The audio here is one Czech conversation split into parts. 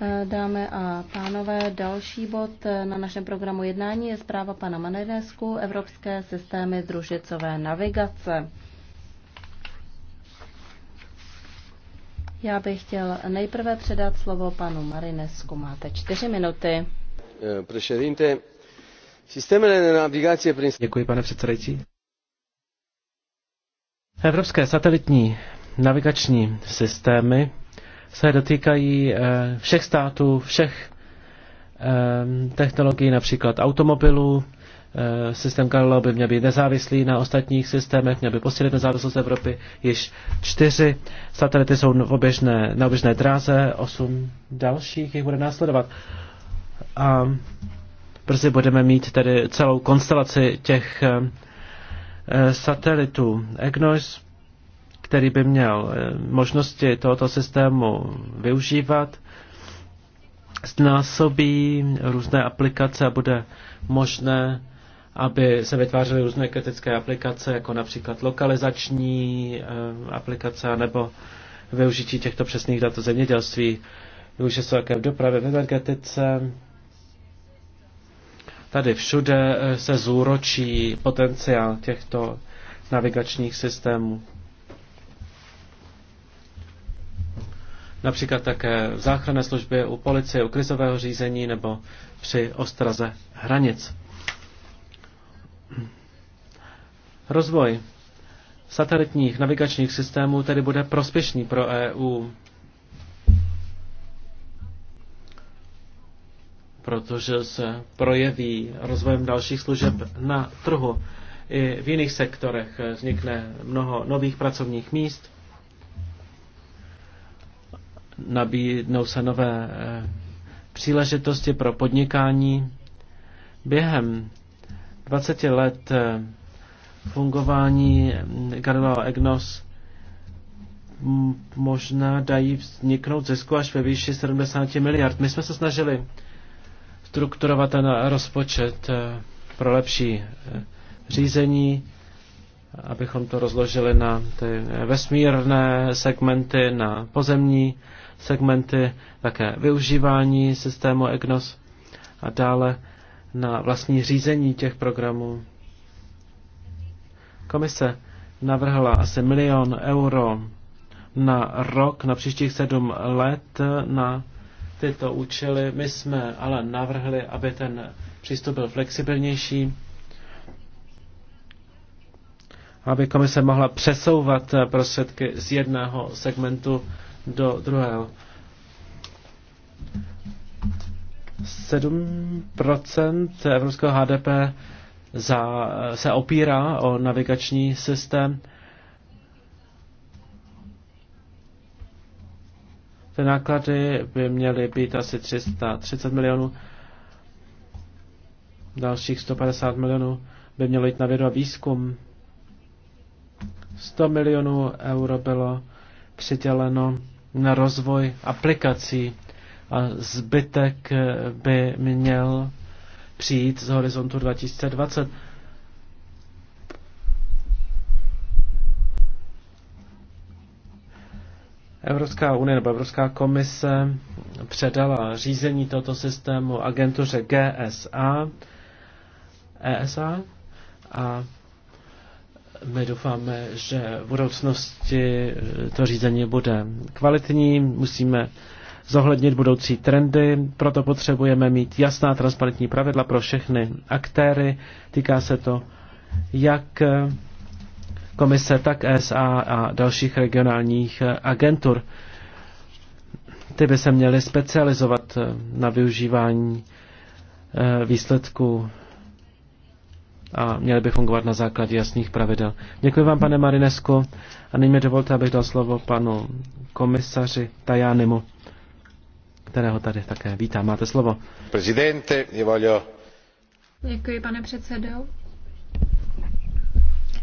Eh, dámy a pánové, další bod eh, na našem programu jednání je zpráva pana Manenesku, Evropské systémy družicové navigace. Já bych chtěl nejprve předat slovo panu Marinesku. Máte čtyři minuty. Eh, systémy Děkuji, pane předsedající. Evropské satelitní navigační systémy se dotýkají eh, všech států, všech ehm, technologií, například automobilů. Eh, systém Galileo by měl být nezávislý na ostatních systémech, měl by posílit nezávislost Evropy. Již čtyři satelity jsou v oběžné, na oběžné dráze, osm dalších jich bude následovat. A brzy budeme mít tedy celou konstelaci těch eh, satelitů EGNOS který by měl eh, možnosti tohoto systému využívat, znásobí různé aplikace a bude možné, aby se vytvářely různé kritické aplikace, jako například lokalizační eh, aplikace nebo využití těchto přesných dat zemědělství, využití se také v dopravě, v energetice. Tady všude eh, se zúročí potenciál těchto navigačních systémů. například také v záchranné službě, u policie, u krizového řízení nebo při ostraze hranic. Rozvoj satelitních navigačních systémů tedy bude prospěšný pro EU, protože se projeví rozvojem dalších služeb na trhu. I v jiných sektorech vznikne mnoho nových pracovních míst nabídnou se nové eh, příležitosti pro podnikání. Během 20 let eh, fungování eh, Galileo EGNOS možná dají vzniknout zisku až ve výši 70 miliard. My jsme se snažili strukturovat ten rozpočet pro lepší řízení, abychom to rozložili na ty vesmírné segmenty, na pozemní segmenty, také využívání systému EGNOS a dále na vlastní řízení těch programů. Komise navrhla asi milion euro na rok, na příštích sedm let na tyto účely. My jsme ale navrhli, aby ten přístup byl flexibilnější aby komise mohla přesouvat eh, prostředky z jednoho segmentu do druhého. 7% evropského HDP za, eh, se opírá o navigační systém. Ty náklady by měly být asi 330 milionů. Dalších 150 milionů by mělo jít na vědu a výzkum. 100 milionů euro bylo přiděleno na rozvoj aplikací a zbytek eh, by měl přijít z horizontu 2020. Evropská unie nebo Evropská komise předala řízení tohoto systému agentuře GSA, ESA a e my doufáme, že v budoucnosti eh, to řízení bude kvalitní, musíme zohlednit budoucí trendy, proto potřebujeme mít jasná transparentní pravidla pro všechny aktéry. Týká se to jak eh, komise, tak SA a dalších regionálních eh, agentur. Ty by se měly specializovat na využívání výsledků a měly by fungovat na základě jasných pravidel. Děkuji vám, pane Marinesko, a nyní mi dovolte, abych dal slovo panu komisaři Tajánimu, kterého tady také vítám. Máte slovo. Prezidente, voglio... Děkuji, pane předsedo.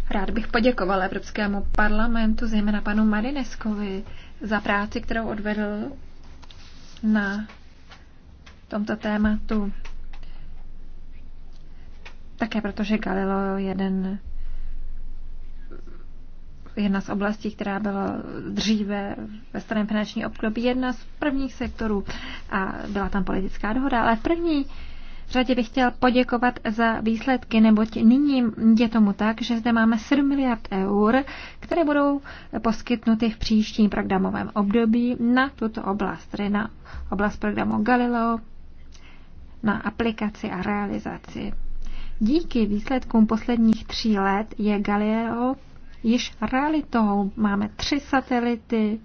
Rád bych poděkoval Evropskému parlamentu, zejména panu Marineskovi, za práci, kterou odvedl na tomto tématu. Také protože Galileo jeden jedna z oblastí, která byla dříve ve starém finanční období, jedna z prvních sektorů a byla tam politická dohoda, ale v první řadě bych chtěl poděkovat za výsledky, neboť nyní je tomu tak, že zde máme 7 miliard eur, které budou poskytnuty v příštím programovém období na tuto oblast, tedy na oblast programu Galileo, na aplikaci a realizaci. Díky výsledkům posledních tří let je Galileo již realitou. Máme tři satelity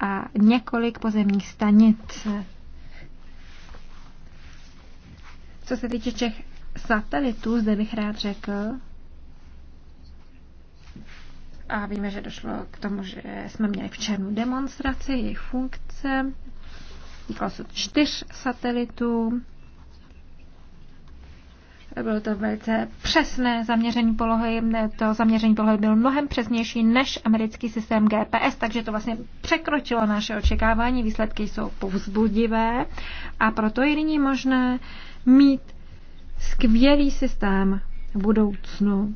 a několik pozemních stanic. Co se týče těch satelitů, zde bych rád řekl, a víme, že došlo k tomu, že jsme měli v černu demonstraci, jejich funkce, týkalo se čtyř satelitů, bylo to velice přesné zaměření polohy. To zaměření polohy bylo mnohem přesnější než americký systém GPS, takže to vlastně překročilo naše očekávání. Výsledky jsou povzbudivé a proto je nyní možné mít skvělý systém v budoucnu.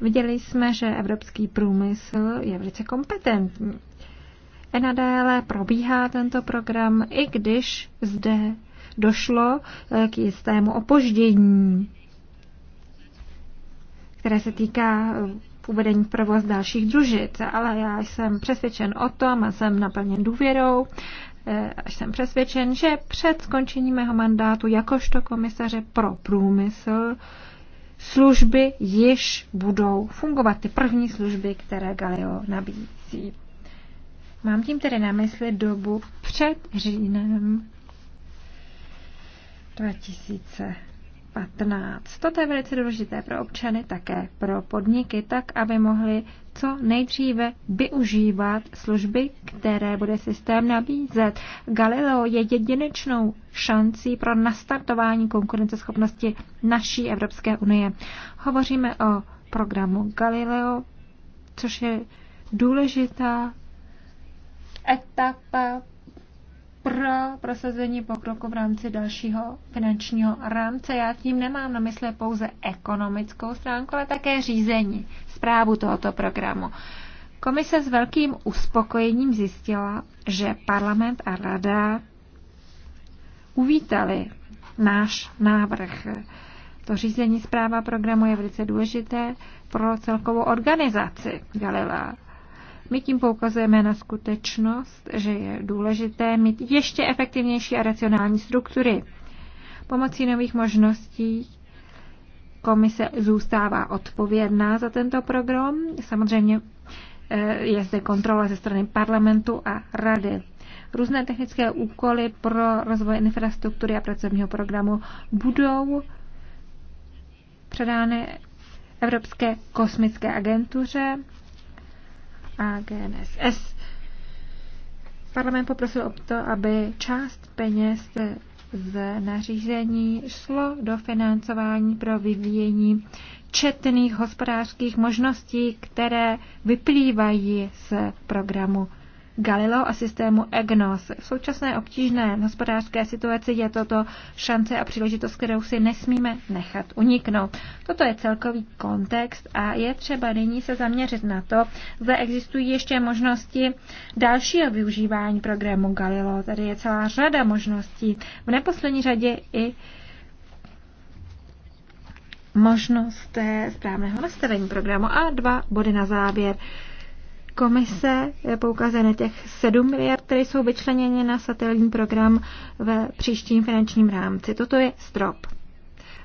Viděli jsme, že evropský průmysl je velice kompetentní. I nadále probíhá tento program, i když zde došlo k jistému opoždění které se týká eh, uvedení v provoz dalších družic, ale já jsem přesvědčen o tom a jsem naplněn důvěrou, eh, až jsem přesvědčen, že před skončením mého mandátu jakožto komisaře pro průmysl služby již budou fungovat, ty první služby, které Galileo nabízí. Mám tím tedy na mysli dobu před říjnem 2000. 15. Toto je velice důležité pro občany, také pro podniky, tak aby mohli co nejdříve využívat služby, které bude systém nabízet. Galileo je jedinečnou šancí pro nastartování konkurenceschopnosti naší Evropské unie. Hovoříme o programu Galileo, což je důležitá etapa pro prosazení pokroku v rámci dalšího finančního rámce. Já tím nemám na mysli pouze ekonomickou stránku, ale také řízení, zprávu tohoto programu. Komise s velkým uspokojením zjistila, že parlament a rada uvítali náš návrh. To řízení zpráva programu je velice důležité pro celkovou organizaci Galilea. My tím poukazujeme na skutečnost, že je důležité mít ještě efektivnější a racionální struktury. Pomocí nových možností komise zůstává odpovědná za tento program. Samozřejmě eh, je zde kontrola ze strany parlamentu a rady. Různé technické úkoly pro rozvoj infrastruktury a pracovního programu budou předány Evropské kosmické agentuře a GNSS. Parlament poprosil o to, aby část peněz z nařízení šlo do financování pro vyvíjení četných hospodářských možností, které vyplývají z programu Galileo a systému EGNOS. V současné obtížné hospodářské situaci je toto šance a příležitost, kterou si nesmíme nechat uniknout. Toto je celkový kontext a je třeba nyní se zaměřit na to, zda existují ještě možnosti dalšího využívání programu Galileo. Tady je celá řada možností. V neposlední řadě i možnost správného nastavení programu. A dva body na závěr. Komise poukazuje na těch 7 miliard, které jsou vyčleněny na satelitní program ve příštím finančním rámci. Toto je strop.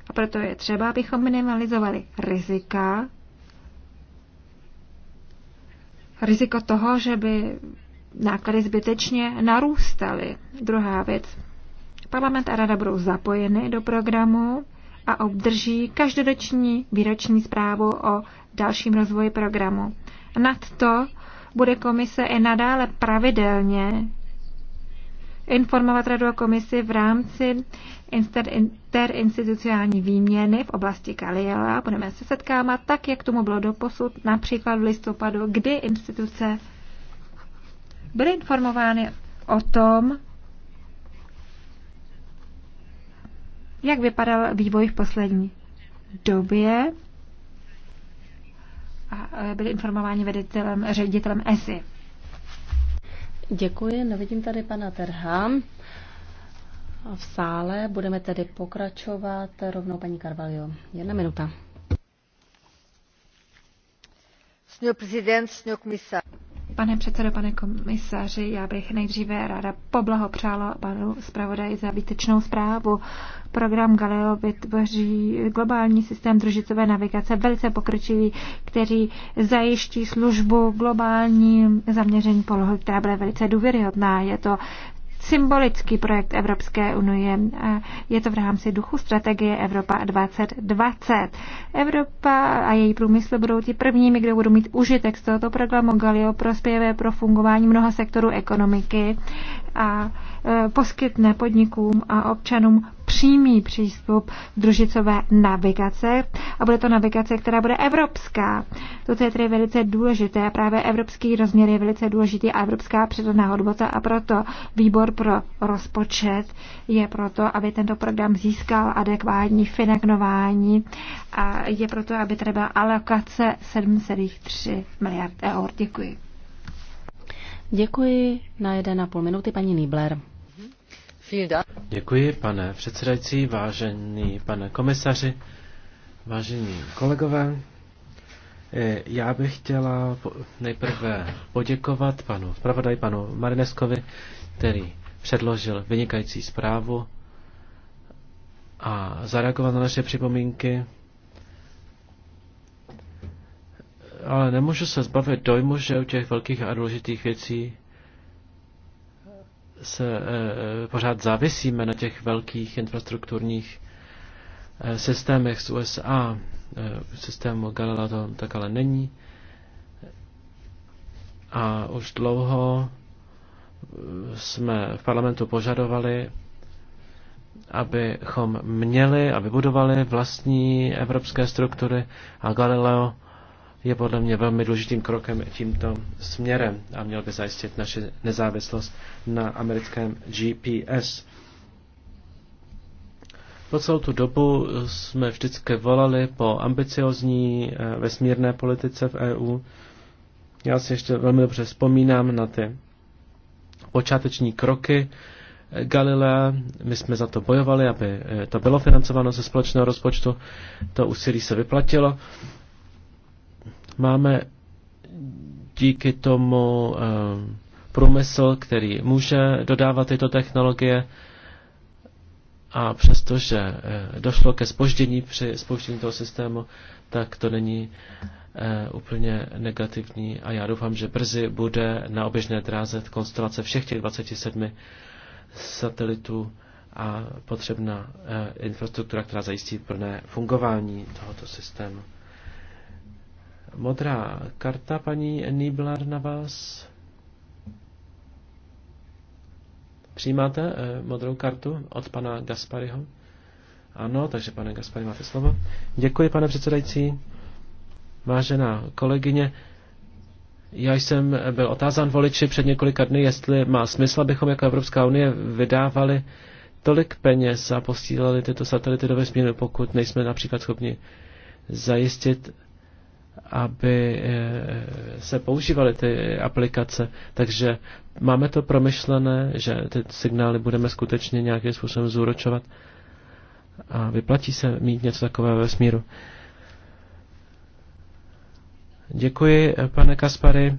A proto je třeba, abychom minimalizovali rizika, riziko toho, že by náklady zbytečně narůstaly. Druhá věc. Parlament a rada budou zapojeny do programu a obdrží každoroční výroční zprávu o dalším rozvoji programu. Nad to bude komise i nadále pravidelně informovat radu a komisi v rámci interinstitucionální výměny v oblasti Kaliela. Budeme se setkávat tak, jak tomu bylo doposud, například v listopadu, kdy instituce byly informovány o tom, jak vypadal vývoj v poslední době a e, byli informováni veditelem, ředitelem ESI. Děkuji, nevidím tady pana Terha v sále. Budeme tedy pokračovat rovnou paní Carvalho. Jedna minuta. Senhor Presidente, Senhor Comissário. Pane předsedo, pane komisaři, já bych nejdříve ráda poblahopřála panu zpravodaji za výtečnou zprávu. Program Galileo vytvoří globální systém družicové navigace, velice pokročilý, který zajiští službu globální zaměření polohy, která bude velice důvěryhodná. Je to symbolický projekt Evropské unie. Je to v rámci duchu strategie Evropa 2020. Evropa a její průmysl budou ti prvními, kdo budou mít užitek z tohoto programu Galio prospěje pro fungování mnoha sektorů ekonomiky a e, poskytne podnikům a občanům přímý přístup družicové navigace a bude to navigace, která bude evropská. To je tedy velice důležité a právě evropský rozměr je velice důležitý a evropská předaná hodnota a proto výbor pro rozpočet je proto, aby tento program získal adekvátní finagnování, a je proto, aby tady byla alokace 7,3 miliard eur. Děkuji. Děkuji na 1,5 minuty paní Nýbler. Děkuji, pane předsedající, vážený pane komisaři, vážení kolegové. E, já bych chtěla nejprve poděkovat panu zpravodaj, panu Marineskovi, který předložil vynikající zprávu a zareagoval na naše připomínky. Ale nemůžu se zbavit dojmu, že u těch velkých a důležitých věcí se eh, eh, pořád závisíme na těch velkých infrastrukturních eh, systémech z USA. Systému Galila to tak ale není. A už dlouho jsme v parlamentu požadovali, abychom měli a vybudovali vlastní evropské struktury a Galileo je podle mě velmi důležitým krokem tímto směrem a měl by zajistit naši nezávislost na americkém GPS. Po celou tu dobu jsme vždycky volali po ambiciozní eh, vesmírné politice v EU. Já si ještě velmi dobře vzpomínám na ty počáteční kroky eh, Galilea. My jsme za to bojovali, aby eh, to bylo financováno ze společného rozpočtu. To úsilí se vyplatilo Máme díky tomu eh, průmysl, který může dodávat tyto technologie a přestože eh, došlo ke spoždění při spouštění toho systému, tak to není eh, úplně negativní a já doufám, že brzy bude na oběžné dráze konstelace všech těch 27 satelitů a potřebná infrastruktura, která zajistí plné fungování tohoto systému. Modrá karta, paní Nibler, na vás. Přijímáte eh, modrou kartu od pana Gaspariho? Ano, takže pane Gaspari, máte slovo. Děkuji, pane předsedající. Vážená kolegyně, já jsem byl otázán voliči před několika dny, jestli má smysl, abychom jako Evropská unie vydávali tolik peněz a posílali tyto satelity do vesmíru, pokud nejsme například schopni zajistit aby eh, se používaly ty aplikace. Takže máme to promyšlené, že ty signály budeme skutečně nějakým způsobem zúročovat a vyplatí se mít něco takového ve smíru. Děkuji, pane Kaspary.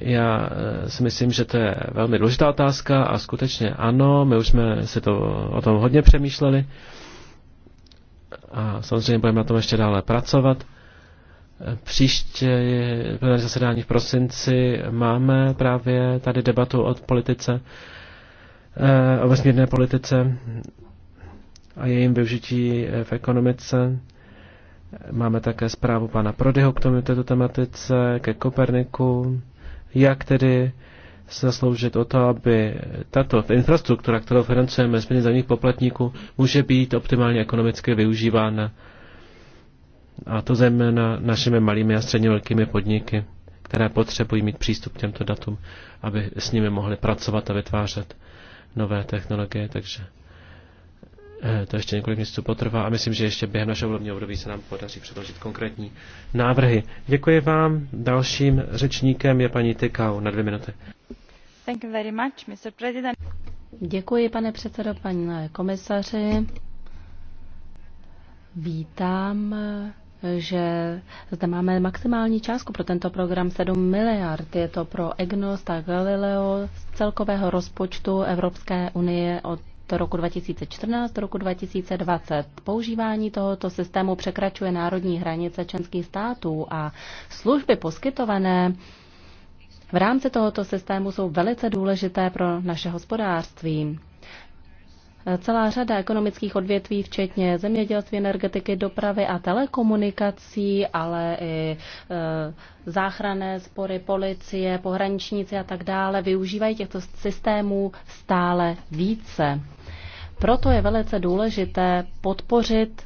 Já eh, si myslím, že to je velmi důležitá otázka a skutečně ano, my už jsme si to, o tom hodně přemýšleli a samozřejmě budeme na tom ještě dále pracovat. Příště plenární zasedání v prosinci máme právě tady debatu o politice, eh, o vesmírné politice a jejím využití v ekonomice. Máme také zprávu pana Prodyho k tomu této tematice, ke Koperniku, jak tedy se zasloužit o to, aby tato infrastruktura, kterou financujeme z peněz poplatníků, může být optimálně ekonomicky využívána a to zejména našimi malými a středně velkými podniky, které potřebují mít přístup k těmto datům, aby s nimi mohli pracovat a vytvářet nové technologie, takže eh, to ještě několik měsíců potrvá a myslím, že ještě během našeho volebního období se nám podaří předložit konkrétní návrhy. Děkuji vám. Dalším řečníkem je paní Tykau na dvě minuty. Thank you very much, Mr. President. Děkuji, pane předsedo, paní komisaři. Vítám že zde máme maximální částku pro tento program 7 miliard. Je to pro EGNOS a Galileo z celkového rozpočtu Evropské unie od roku 2014 do roku 2020. Používání tohoto systému překračuje národní hranice členských států a služby poskytované v rámci tohoto systému jsou velice důležité pro naše hospodářství. Celá řada ekonomických odvětví, včetně zemědělství, energetiky, dopravy a telekomunikací, ale i e, záchranné spory, policie, pohraničníci a tak dále, využívají těchto systémů stále více. Proto je velice důležité podpořit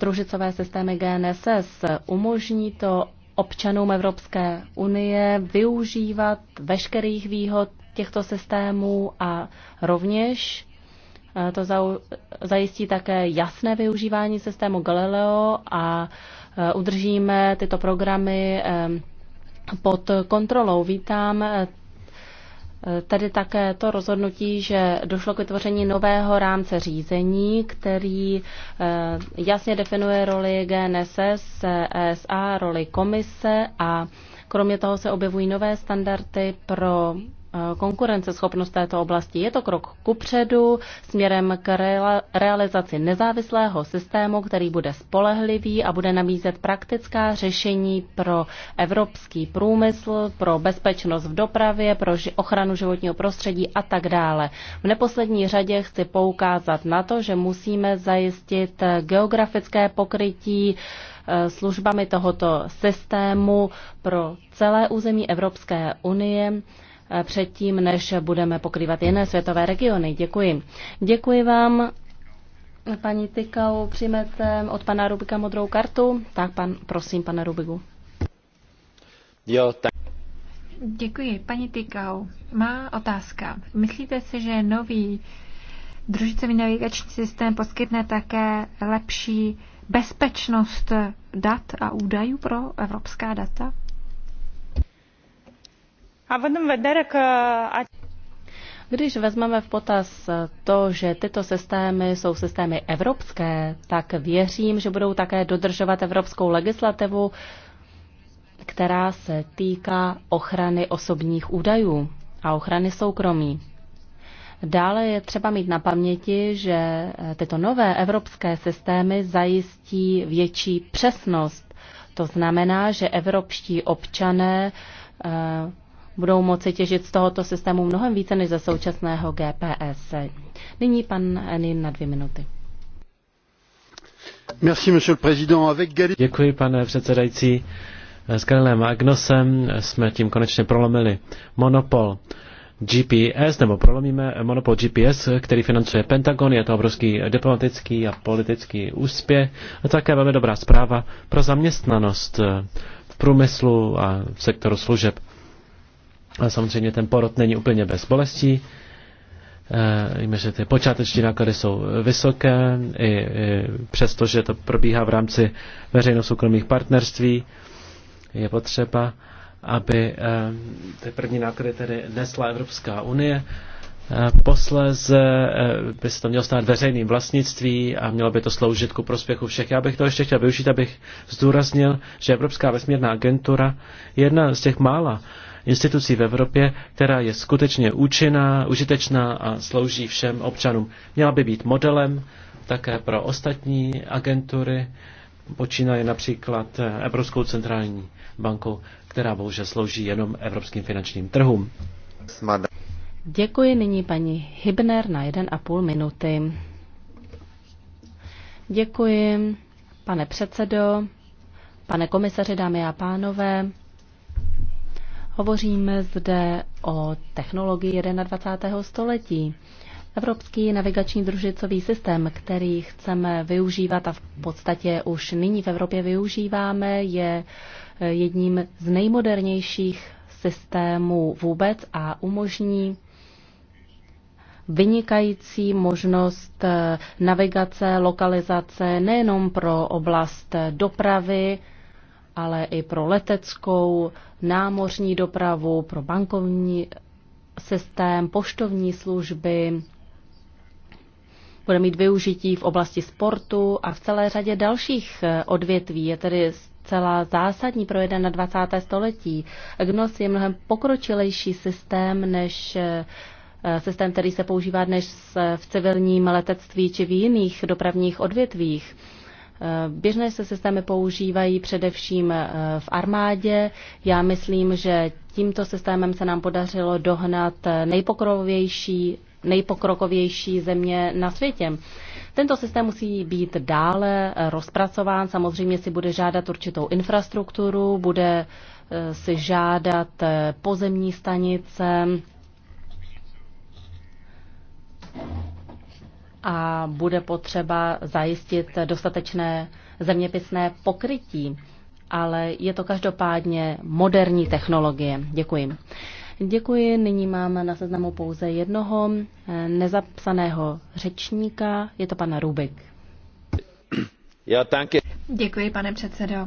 družicové systémy GNSS. Umožní to občanům Evropské unie využívat veškerých výhod těchto systémů a rovněž Eh, to zajistí také jasné využívání systému Galileo a eh, udržíme tyto programy eh, pod kontrolou. Vítám tedy také to rozhodnutí, že došlo k vytvoření nového rámce řízení, který jasně definuje roli GNSS, ESA, roli komise a kromě toho se objevují nové standardy pro Eh, konkurenceschopnost této oblasti. Je to krok kupředu směrem k realizaci nezávislého systému, který bude spolehlivý a bude nabízet praktická řešení pro evropský průmysl, pro bezpečnost v dopravě, pro ochranu životního prostředí a tak dále. V neposlední řadě chci poukázat na to, že musíme zajistit geografické pokrytí eh, službami tohoto systému pro celé území Evropské unie předtím, než budeme pokrývat jiné světové regiony. Děkuji. Děkuji vám. Paní Tykau, přijmete od pana Rubika modrou kartu? Tak pan, prosím, pane Rubigu. Jo, tak. Děkuji. Paní Tykau, má otázka. Myslíte si, že nový družicový navigační systém poskytne také lepší bezpečnost dat a údajů pro evropská data? Když vezmeme v potaz to, že tyto systémy jsou systémy evropské, tak věřím, že budou také dodržovat evropskou legislativu, která se týká ochrany osobních údajů a ochrany soukromí. Dále je třeba mít na paměti, že tyto nové evropské systémy zajistí větší přesnost. To znamená, že evropští občané eh, budou moci těžit z tohoto systému mnohem více než ze současného GPS. Nyní pan Enin na dvě minuty. Děkuji, pane předsedající. S Karelem Agnosem jsme tím konečně prolomili monopol GPS, nebo prolomíme monopol GPS, který financuje Pentagon. Je to obrovský diplomatický a politický úspěch a také velmi dobrá zpráva pro zaměstnanost v průmyslu a v sektoru služeb. A samozřejmě ten porod není úplně bez bolestí. Eh, víme, že ty počáteční náklady jsou vysoké, i, i přesto, že to probíhá v rámci veřejno-soukromých partnerství, je potřeba, aby eh, ty první náklady tedy nesla Evropská unie. Eh, posléze by se to mělo stát veřejným vlastnictví a mělo by to sloužit ku prospěchu všech. Já bych to ještě chtěl využít, abych zdůraznil, že Evropská vesmírná agentura je jedna z těch mála institucí v Evropě, která je skutečně účinná, užitečná a slouží všem občanům. Měla by být modelem také pro ostatní agentury, počínaje například Evropskou centrální bankou, která bohužel slouží jenom evropským finančním trhům. Děkuji nyní paní Hibner na 1,5 minuty. Děkuji, pane předsedo, pane komisaři, dámy a pánové. Hovoříme zde o technologii 21. století. Evropský navigační družicový systém, který chceme využívat a v podstatě už nyní v Evropě využíváme, je eh, jedním z nejmodernějších systémů vůbec a umožní vynikající možnost eh, navigace, lokalizace nejenom pro oblast dopravy, ale i pro leteckou, námořní dopravu, pro bankovní systém, poštovní služby, bude mít využití v oblasti sportu a v celé řadě dalších eh, odvětví. Je tedy celá zásadní pro 21. století. GNOS je mnohem pokročilejší systém než eh, eh, systém, který se používá dnes v civilním letectví či v jiných dopravních odvětvích. Eh, běžné se systémy používají především eh, v armádě. Já myslím, že tímto systémem se nám podařilo dohnat eh, nejpokrokovější, nejpokrokovější země na světě. Tento systém musí být dále rozpracován, samozřejmě si bude žádat určitou infrastrukturu, bude si žádat pozemní stanice, a bude potřeba zajistit dostatečné zeměpisné pokrytí, ale je to každopádně moderní technologie. Děkuji. Děkuji. Nyní mám na seznamu pouze jednoho eh, nezapsaného řečníka. Je to pan Rubik. Děkuji, pane předsedo.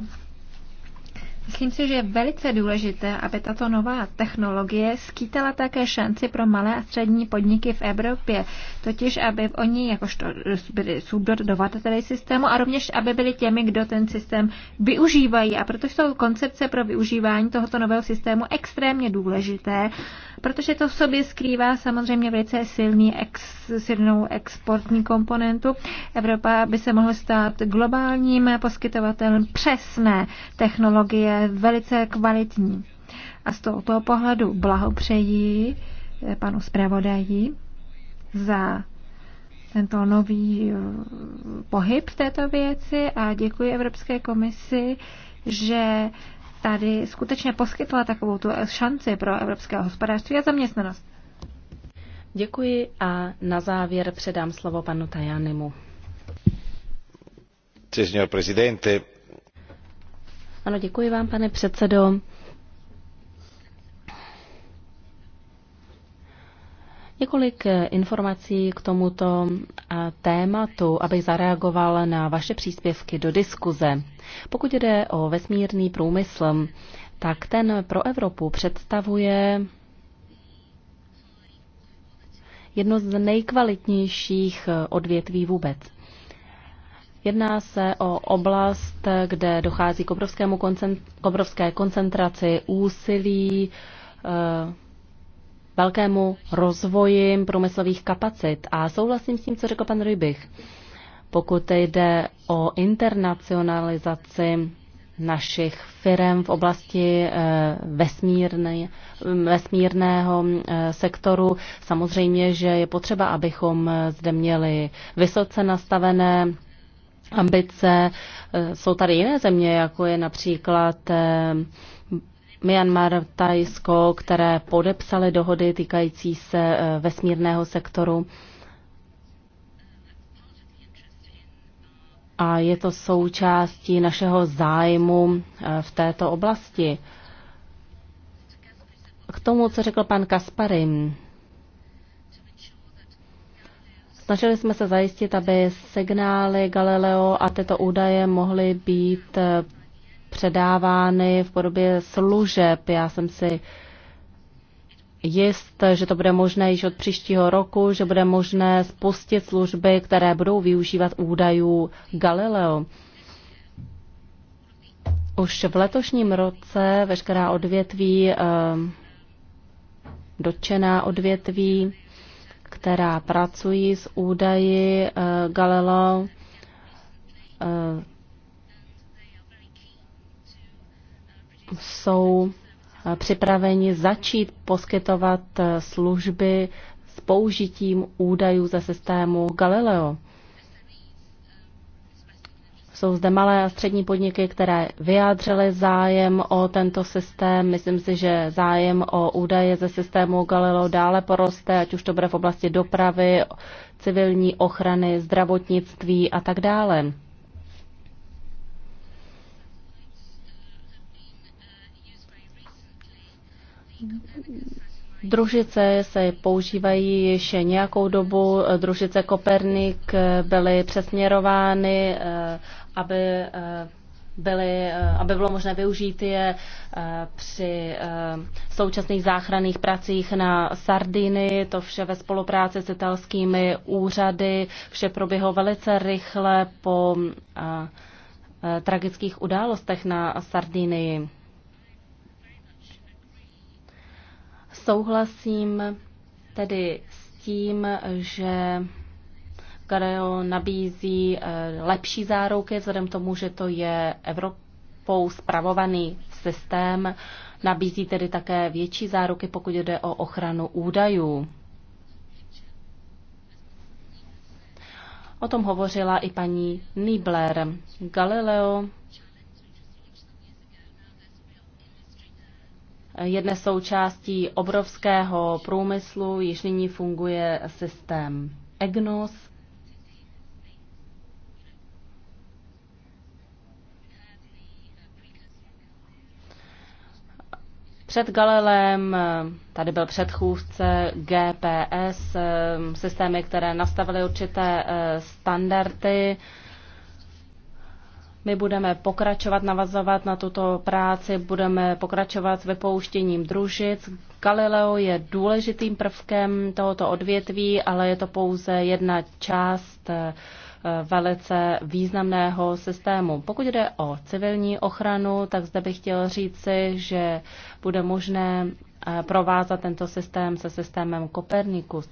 Myslím si, že je velice důležité, aby tato nová technologie skýtala také šanci pro malé a střední podniky v Evropě, totiž aby oni jakožto byli subdodavateli systému a rovněž aby byli těmi, kdo ten systém využívají. A proto jsou koncepce pro využívání tohoto nového systému extrémně důležité, protože to v sobě skrývá samozřejmě velice silný ex, silnou exportní komponentu. Evropa by se mohla stát globálním poskytovatelem přesné technologie je velice kvalitní. A z tohoto pohledu blahopřeji eh, panu zpravodaji za tento nový eh, pohyb v této věci a děkuji Evropské komisi, že tady skutečně poskytla takovou tu šanci pro evropské hospodářství a zaměstnanost. Děkuji a na závěr předám slovo panu Tajanimu. Signor Presidente, ano, děkuji vám, pane předsedo. Několik eh, informací k tomuto eh, tématu, abych zareagoval na vaše příspěvky do diskuze. Pokud jde o vesmírný průmysl, tak ten pro Evropu představuje jedno z nejkvalitnějších eh, odvětví vůbec. Jedná se o oblast, kde dochází k, obrovskému koncentr- k obrovské koncentraci úsilí, eh, velkému rozvoji průmyslových kapacit. A souhlasím s tím, co řekl pan Rybich. Pokud jde o internacionalizaci našich firm v oblasti eh, vesmírné, vesmírného eh, sektoru. Samozřejmě, že je potřeba, abychom zde měli vysoce nastavené ambice. Eh, jsou tady jiné země, jako je například eh, Myanmar, Tajsko, které podepsaly dohody týkající se eh, vesmírného sektoru. A je to součástí našeho zájmu v této oblasti. K tomu, co řekl pan Kasparin, Snažili jsme se zajistit, aby signály Galileo a tyto údaje mohly být eh, předávány v podobě služeb. Já jsem si jist, že to bude možné již od příštího roku, že bude možné spustit služby, které budou využívat údajů Galileo. Už v letošním roce veškerá odvětví, eh, dotčená odvětví, která pracují s údaji eh, Galileo eh, jsou eh, připraveni začít poskytovat služby s použitím údajů ze systému Galileo. Jsou zde malé a střední podniky, které vyjádřily zájem o tento systém. Myslím si, že zájem o údaje ze systému Galileo dále poroste, ať už to bude v oblasti dopravy, civilní ochrany, zdravotnictví a tak dále. Družice se používají již nějakou dobu. Družice Kopernik byly přesměrovány eh, aby eh, byly, eh, aby bylo možné využít je eh, při současných záchranných pracích na Sardiny, to vše ve spolupráci s italskými úřady, vše proběhlo velice rychle po tragických událostech na Sardinii. Souhlasím tedy s tím, že Galileo nabízí eh, lepší záruky, vzhledem tomu, že to je Evropou spravovaný systém, nabízí tedy také větší záruky, pokud jde o ochranu údajů. O tom hovořila i paní Niebler. Galileo je dnes součástí obrovského průmyslu, již nyní funguje systém EGNOS, Před Galilem tady byl předchůdce GPS, systémy, které nastavily určité eh, standardy. My budeme pokračovat, navazovat na tuto práci, budeme pokračovat s vypouštěním družic. Galileo je důležitým prvkem tohoto odvětví, ale je to pouze jedna část eh, velice významného systému. Pokud jde o civilní ochranu, tak zde bych chtěl říci, že bude možné eh, provázat tento systém se systémem Copernicus.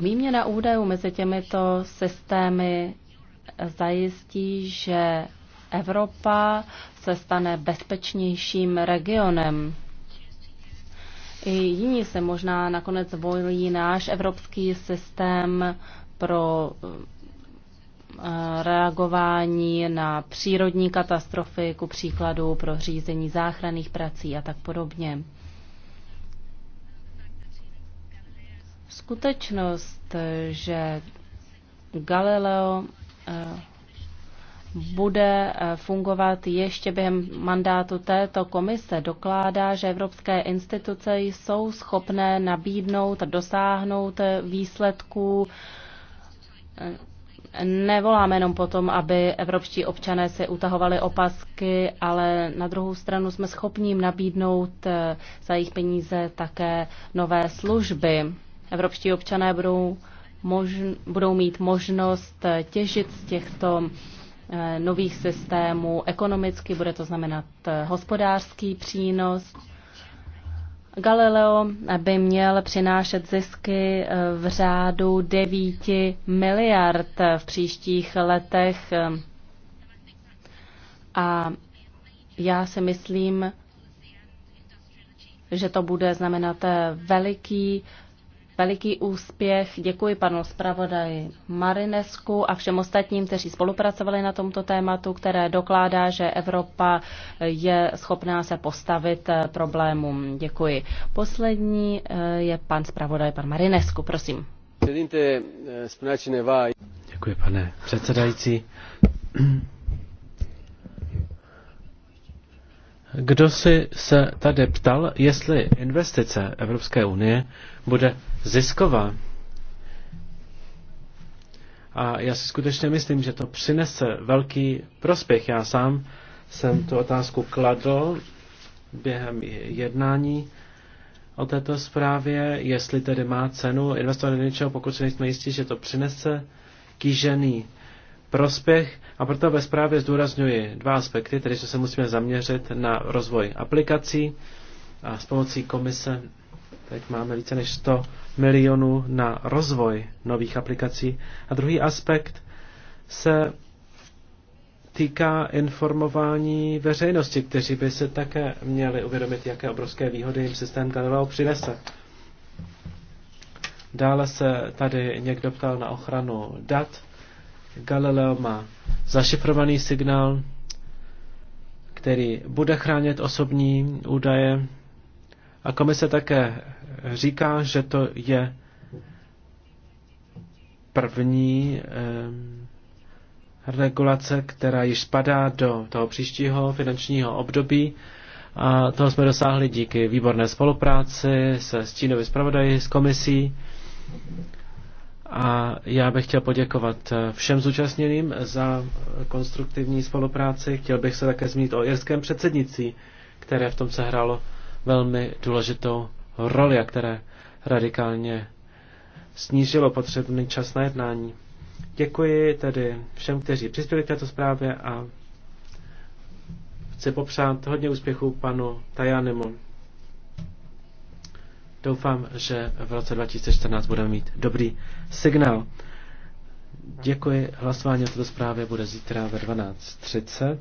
Výměna údajů mezi těmito systémy zajistí, že Evropa se stane bezpečnějším regionem. I jiní se možná nakonec volí náš evropský systém pro eh, reagování na přírodní katastrofy, ku příkladu pro řízení záchranných prací a tak podobně. Skutečnost, že Galileo eh, bude eh, fungovat ještě během mandátu této komise, dokládá, že evropské instituce jsou schopné nabídnout, dosáhnout výsledků, nevoláme jenom potom, aby evropští občané se utahovali opasky, ale na druhou stranu jsme schopni jim nabídnout eh, za jejich peníze také nové služby. Evropští občané budou, možn, budou mít možnost eh, těžit z těchto eh, nových systémů ekonomicky, bude to znamenat hospodářský přínos Galileo by měl přinášet zisky eh, v řádu 9 miliard v příštích letech. Eh, a já si myslím, že to bude znamenat eh, veliký veliký úspěch. Děkuji panu zpravodaji Marinesku a všem ostatním, kteří spolupracovali na tomto tématu, které dokládá, že Evropa je schopná se postavit eh, problémům. Děkuji. Poslední eh, je pan zpravodaj, pan Marinesku, prosím. Eh, Děkuji, pane předsedající. Kdo si se tady ptal, jestli investice Evropské unie bude zisková. A já si skutečně myslím, že to přinese velký prospěch. Já sám jsem tu otázku kladl během jednání o této zprávě, jestli tedy má cenu investovat do něčeho, pokud si nejsme jistí, že to přinese kýžený prospěch. A proto ve zprávě zdůrazňuji dva aspekty, tedy že se musíme zaměřit na rozvoj aplikací a s pomocí komise Teď máme více než 100 milionů na rozvoj nových aplikací. A druhý aspekt se týká informování veřejnosti, kteří by se také měli uvědomit, jaké obrovské výhody jim systém Galileo přinese. Dále se tady někdo ptal na ochranu dat. Galileo má zašifrovaný signál, který bude chránit osobní údaje. A komise také říká, že to je první eh, regulace, která již spadá do toho příštího finančního období. A toho jsme dosáhli díky výborné spolupráci se stínovými zpravodaji, s komisí. A já bych chtěl poděkovat eh, všem zúčastněným za konstruktivní spolupráci. Chtěl bych se také zmínit o jirském předsednictví, které v tom sehrálo velmi důležitou roli a které radikálně snížilo potřebný čas na jednání. Děkuji tedy všem, kteří přispěli k této zprávě a chci popřát hodně úspěchů panu Tajanemu. Doufám, že v roce 2014 budeme mít dobrý signál. Děkuji. Hlasování o této zprávě bude zítra ve 12.30.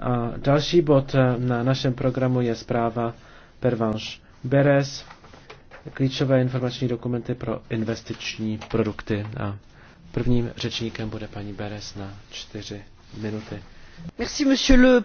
A další bod eh, na našem programu je zpráva Pervanche Beres, klíčové informační dokumenty pro investiční produkty. A prvním řečníkem bude paní Beres na čtyři minuty. Merci, monsieur le...